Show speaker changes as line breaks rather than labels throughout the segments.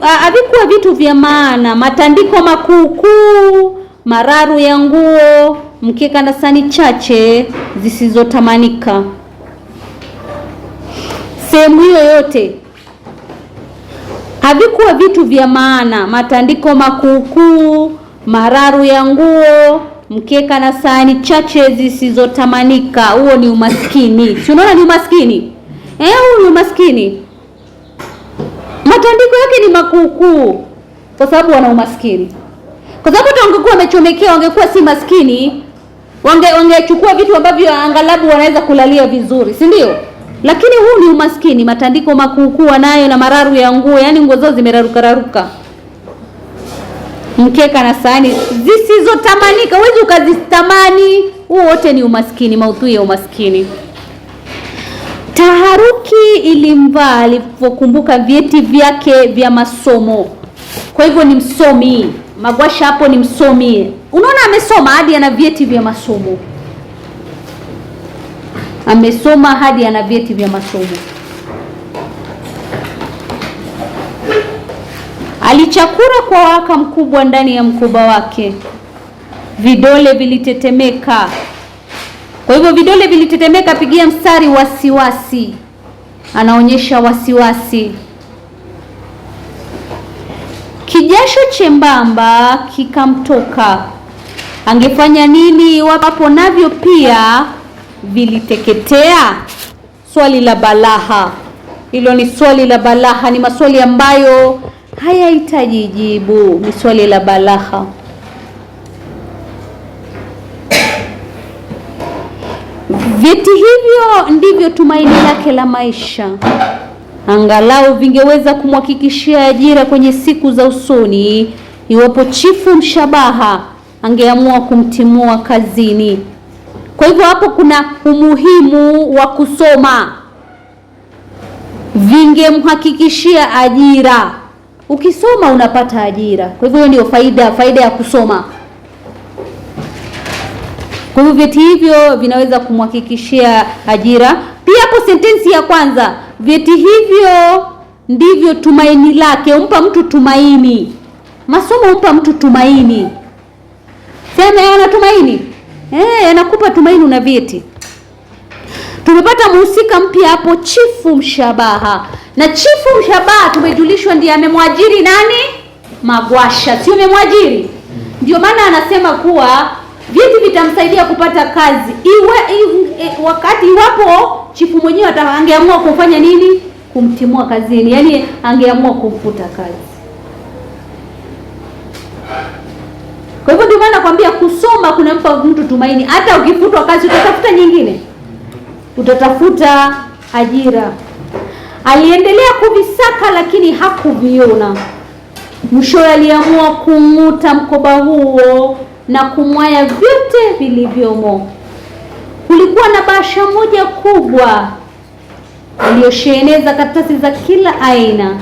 Havikuwa vitu vya maana: matandiko makuukuu, mararu ya nguo, mkeka na sani chache zisizotamanika. Sehemu hiyo yote havikuwa vitu vya maana: matandiko makuukuu, mararu ya nguo, mkeka na sahani chache zisizotamanika. Huo ni umaskini. Si unaona ni umaskini eh? Huu ni umaskini matandiko yake ni makuukuu, kwa sababu wana umaskini. Kwa sababu hata wangekuwa wamechomekea, wangekuwa si maskini, wange wangechukua vitu ambavyo angalabu wanaweza kulalia vizuri, si ndio? Lakini huu ni umaskini, matandiko makuukuu anayo na mararu ya nguo, yaani nguo zao zimeraruka raruka, mkeka na sahani zisizotamanika, huwezi ukazitamani. Huu wote ni umaskini, maudhui ya umaskini. Taharuki ilimvaa alipokumbuka vyeti vyake vya masomo. Kwa hivyo ni msomi Magwasha, hapo ni msomi. Unaona, amesoma hadi ana vyeti vya masomo, amesoma hadi ana vyeti vya masomo. Alichakura kwa waka mkubwa ndani ya mkoba wake, vidole vilitetemeka. Kwa hivyo vidole vilitetemeka, pigia mstari wasiwasi, anaonyesha wasiwasi. Kijasho chembamba kikamtoka, angefanya nini iwapo navyo pia viliteketea? Swali la balaha hilo, ni swali la balaha, ni maswali ambayo hayahitaji jibu, ni swali la balaha. Vyeti hivyo ndivyo tumaini lake la maisha, angalau vingeweza kumhakikishia ajira kwenye siku za usoni iwapo Chifu Mshabaha angeamua kumtimua kazini. Kwa hivyo hapo kuna umuhimu wa kusoma, vingemhakikishia ajira. Ukisoma unapata ajira, kwa hivyo hiyo ndio faida, faida ya kusoma. Kwa hivyo vyeti hivyo vinaweza kumhakikishia ajira. Pia hapo sentensi ya kwanza, vyeti hivyo ndivyo tumaini lake, umpa mtu tumaini. Masomo umpa mtu tumaini. Sema yana tumaini, eh, yanakupa tumaini na vyeti. Tumepata mhusika mpya hapo, Chifu Mshabaha, na Chifu Mshabaha tumejulishwa ndiye amemwajiri nani? Magwasha, sio amemwajiri. Ndio maana anasema kuwa vyeti vitamsaidia kupata kazi iwe, iwe, e, wakati iwapo chifu mwenyewe angeamua kufanya nini, kumtimua kazini, yaani angeamua kumfuta kazi. Kwa hivyo ndio maana nakwambia kusoma kunampa mtu tumaini. Hata ukifutwa kazi utatafuta nyingine, utatafuta ajira. Aliendelea kuvisaka lakini hakuviona, mwishowe aliamua kung'uta mkoba huo na kumwaya vyote vilivyomo. Kulikuwa na bahasha moja kubwa iliyosheneza karatasi za kila aina,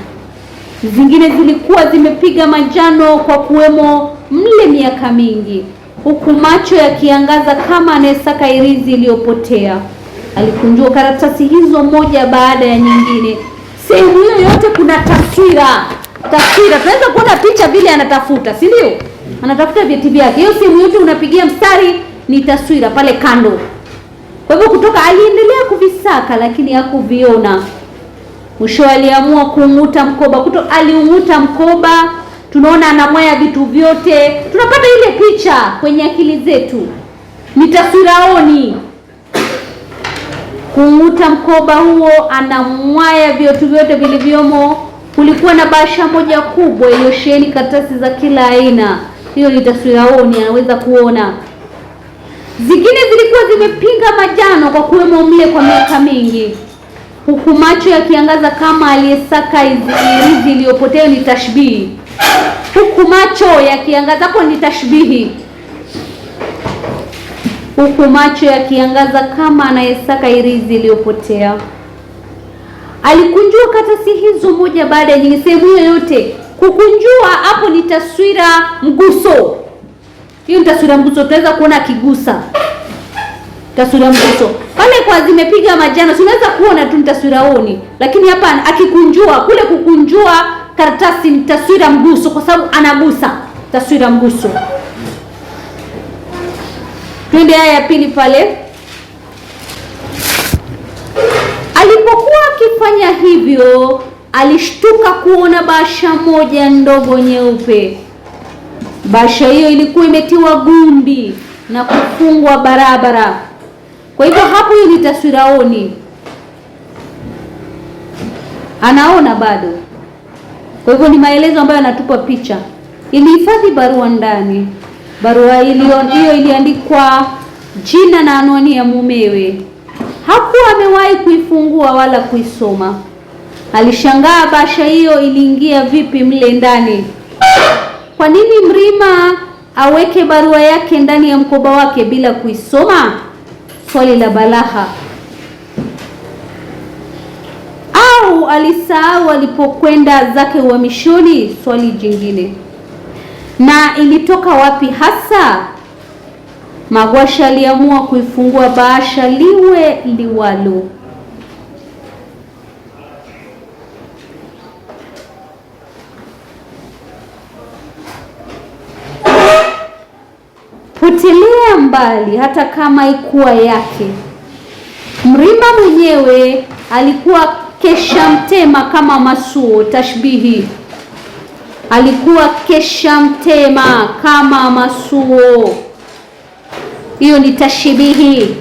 zingine zilikuwa zimepiga manjano kwa kuwemo mle miaka mingi, huku macho yakiangaza kama anayesaka irizi iliyopotea. Alikunjua karatasi hizo moja baada ya nyingine. Sehemu hiyo yote kuna taswira, taswira tunaweza kuona picha vile anatafuta, si ndio? anatafuta vyeti vyake. Hiyo simu yote unapigia mstari ni taswira pale kando. Kwa hivyo kutoka aliendelea kuvisaka lakini hakuviona. Mwisho aliamua kuung'uta mkoba kuto, aliung'uta mkoba. Tunaona anamwaya vitu vyote, tunapata ile picha kwenye akili zetu, ni taswira oni. Kuung'uta mkoba huo, anamwaya vitu vyote vilivyomo. Kulikuwa na bahasha moja kubwa iliyosheheni karatasi za kila aina. Hiyo ni taswira uoni, anaweza kuona. Zingine zilikuwa zimepinga majano kwa kuwemo mle kwa miaka mingi, huku macho yakiangaza kama aliyesaka irizi iliyopotea. Ni tashbihi, huku macho yakiangaza hapo, ni tashbihi huku macho yakiangaza kama anayesaka irizi iliyopotea. Alikunjua katasi hizo moja baada ya nyingine. Sehemu hiyo yote Kukunjua hapo ni taswira mguso, hiyo ni taswira mguso, tunaweza kuona akigusa taswira mguso pale kwa zimepiga majano, unaweza kuona tu ni taswira oni, lakini hapa akikunjua, kule kukunjua karatasi ni taswira mguso, kwa sababu anagusa, taswira mguso. Twende aya ya pili pale. Alipokuwa akifanya hivyo alishtuka kuona bahasha moja ndogo nyeupe. Bahasha hiyo ilikuwa imetiwa gundi na kufungwa barabara. Kwa hivyo hapo, hiyo ni taswira oni, anaona bado. Kwa hivyo ni maelezo ambayo anatupa picha. Ilihifadhi barua ndani, barua hiyo iliandikwa jina na anwani ya mumewe. Hakuwa amewahi kuifungua wala kuisoma. Alishangaa bahasha hiyo iliingia vipi mle ndani. Kwa nini Mrima aweke barua yake ndani ya mkoba wake bila kuisoma? Swali la Balagha. Au alisahau alipokwenda zake uhamishoni? Swali jingine. Na ilitoka wapi hasa? Magwasha aliamua kuifungua bahasha liwe liwalo. Futilia mbali hata kama ikuwa yake. Mrima mwenyewe alikuwa kesha mtema kama masuo, tashbihi alikuwa kesha mtema kama masuo, hiyo ni tashbihi.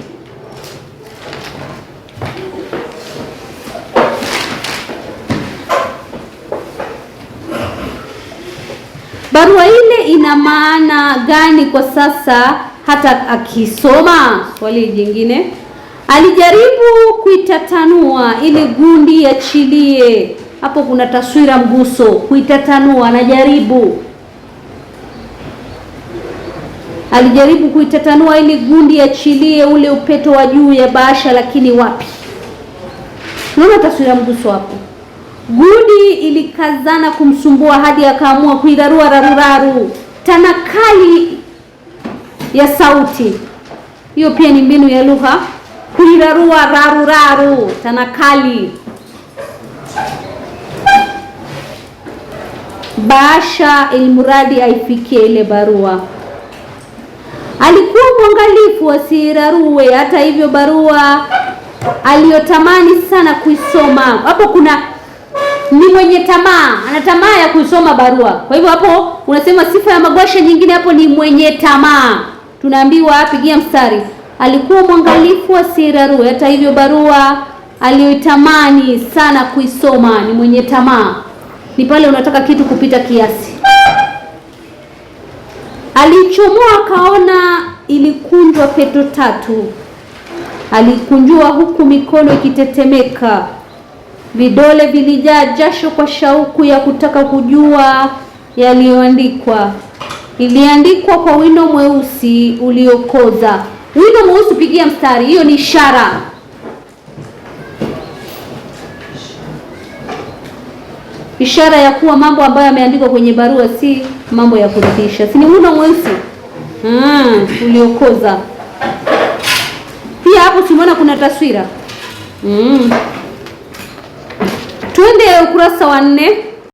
Barua ile ina maana gani kwa sasa hata akisoma? Swali jingine, alijaribu kuitatanua ile gundi ya chilie. Hapo kuna taswira mguso, kuitatanua, anajaribu alijaribu kuitatanua ili gundi achilie ule upeto wa juu ya bahasha, lakini wapi? Unaona taswira mguso hapo. Gudi ilikazana kumsumbua hadi akaamua kuirarua raruraru tanakali ya sauti. Hiyo pia ni mbinu ya lugha, kuirarua raruraru tanakali. Baasha ilmuradi aifikie ile barua. Alikuwa mwangalifu asirarue. Hata hivyo, barua aliyotamani sana kuisoma hapo kuna ni mwenye tamaa, ana tamaa ya kusoma barua. Kwa hivyo hapo unasema sifa ya Magwasha nyingine hapo ni mwenye tamaa. Tunaambiwa pigia mstari, alikuwa mwangalifu wa siraru, hata hivyo barua aliyoitamani sana kuisoma. Ni mwenye tamaa, ni pale unataka kitu kupita kiasi. Alichomoa akaona ilikunjwa peto tatu, alikunjua huku mikono ikitetemeka Vidole vilijaa jasho kwa shauku ya kutaka kujua yaliyoandikwa. Iliandikwa kwa wino mweusi uliokoza. Wino mweusi, pigia mstari, hiyo ni ishara. Ishara ya kuwa mambo ambayo yameandikwa kwenye barua si mambo ya kuridhisha, si ni wino mweusi hmm, uliokoza. Pia hapo tumeona kuna taswira hmm. Twende ukurasa wa nne.